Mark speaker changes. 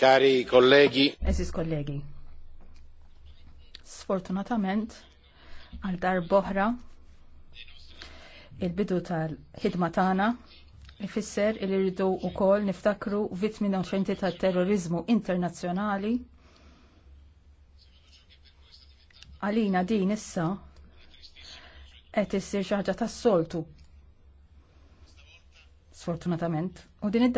Speaker 1: Cari kollegi.
Speaker 2: Esis kollegi. Sfortunatament, għal dar boħra, il-bidu tal-ħidma tagħna ifisser il irridu wkoll niftakru vittmi noċenti tat-terrorizmu internazzjonali. Għalina din issa qed issir xi ħaġa tas-soltu.
Speaker 3: Sfortunatament. U din